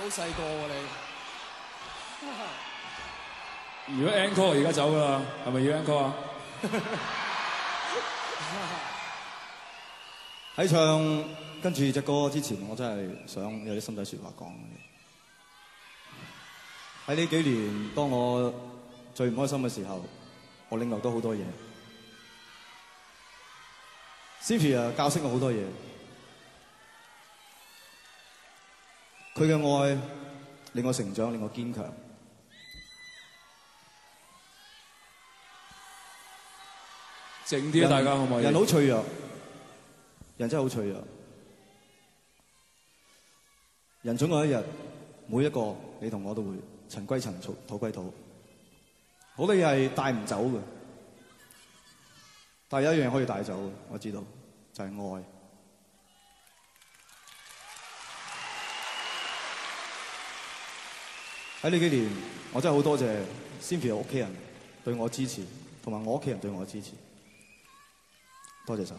好細個喎你。如果 encore 而家走噶啦，係咪要 encore 啊？喺唱跟住隻歌之前，我真係想有啲心底説話講。喺呢幾年，當我最唔開心嘅時候，我領受到好多嘢。c i v i e 啊，教識我好多嘢。佢嘅愛令我成長，令我堅強。靜啲點啊，人大家好唔好？人好脆弱，人真係好脆弱。人總有一日，每一個你同我都會塵歸塵，土歸土。好嘅嘢係帶唔走嘅，但有一樣可以帶走嘅，我知道就係、是、愛。喺呢幾年，我真係好多謝 Cynthia 屋企人對我支持，同埋我屋企人對我支持，多謝晒。